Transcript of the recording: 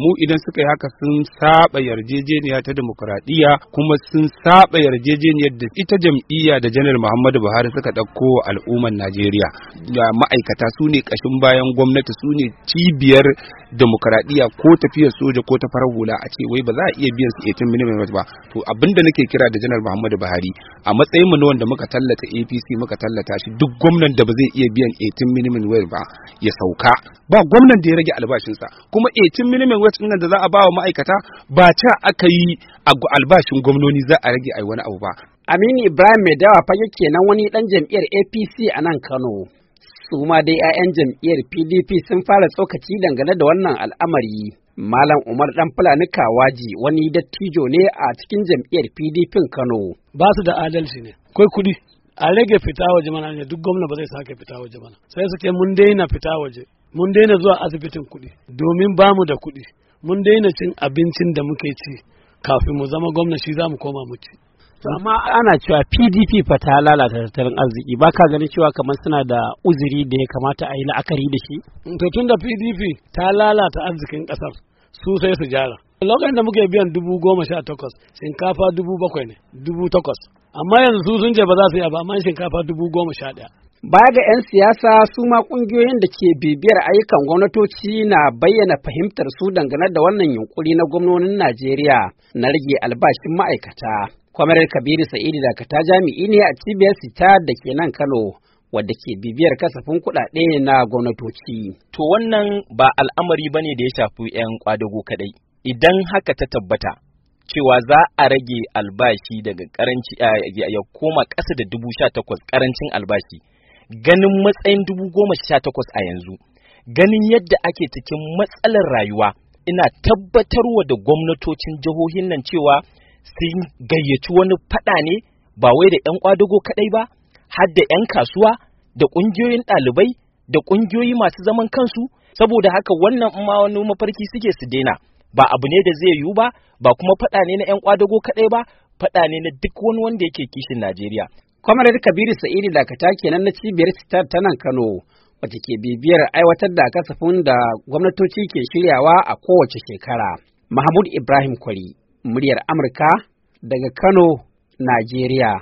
mu idan suka yi haka sun saba yarjejeniya ta demokuraɗiyya kuma sun saba yarjejeniyar da ita jam'iyya da janar muhammadu buhari suka ɗauko al'ummar najeriya ma'aikata su ne ƙashin bayan gwamnati su ne cibiyar demokuraɗiyya ko tafiyar soja ko ta farar hula a ce wai ba za a iya biyan su 18 minimum ba to abinda nake kira da janar muhammadu buhari a matsayin mu na wanda muka tallata apc muka tallata shi duk gwamnan da ba zai iya biyan etin minimum ba ya sauka ba gwamnan da ya rage albashinsa kuma etin minimum wage nan da za a ba wa ma'aikata ba ta aka yi albashin gwamnoni za a rage ai wani abu ba Aminu Ibrahim mai dawa fage kenan wani dan jam'iyyar APC a nan Kano su ma dai 'ya'yan jam'iyyar PDP sun fara tsokaci dangane da wannan al'amari Malam Umar Dan Fulani Kawaji wani dattijo ne a cikin jam'iyyar PDP Kano. Ba su da adalci ne, kai kuɗi. A rage fita waje mana ne duk gwamna ba zai sake fita waje mana. Sai suke mun daina fita waje. mun daina zuwa asibitin kuɗi domin ba mu da kuɗi mun daina cin abincin da muke ci kafin mu zama gwamna shi za mu koma mu ci amma ana cewa pdp fa ta lalata tattalin arziki ba ka ganin cewa kamar suna da uzuri da ya kamata a yi la'akari da shi to tun da pdp ta lalata arzikin kasar su sai su jara lokacin da muke biyan dubu goma sha takwas shinkafa dubu bakwai ne dubu takwas amma yanzu sun ce ba za su yi ba amma shinkafa dubu goma sha ɗaya Baya ga 'yan siyasa su ma ƙungiyoyin da ke bibiyar ayyukan gwamnatoci na bayyana fahimtar su dangane da wannan yunkuri na gwamnonin Najeriya na rage albashin ma'aikata. Kwamarar Kabiru Sa'idu Dakata jami'i ne a cibiyar sita da ke nan Kano. wadda ke bibiyar kasafin kuɗaɗe na gwamnatoci. To wannan ba al'amari ba ne da ya shafi 'yan kwadago kaɗai. Idan haka ta tabbata cewa za a rage albashi daga karanci ya koma ƙasa da dubu sha takwas ƙarancin albashi ganin matsayin dubu goma sha takwas a yanzu ganin yadda ake cikin matsalar rayuwa ina tabbatarwa da gwamnatocin jihohin nan cewa sun gayyaci wani fada ne ba wai da 'yan kwadago kadai ba har da 'yan kasuwa da ƙungiyoyin ɗalibai da ƙungiyoyi masu zaman kansu saboda haka wannan ma wani mafarki suke su daina ba abu ne da zai yiwu ba ba kuma fada ne na 'yan kwadago kadai ba fada ne na duk wani wanda yake kishin Najeriya Kwamarar Kabiru Sa'idu Dakata kenan na cibiyar sitar ta nan Kano, wacce ke bibiyar aiwatar da kasafin da gwamnatoci ke shiryawa a kowace shekara. Mahmud Ibrahim Kwari, muryar Amurka daga Kano, Najeriya.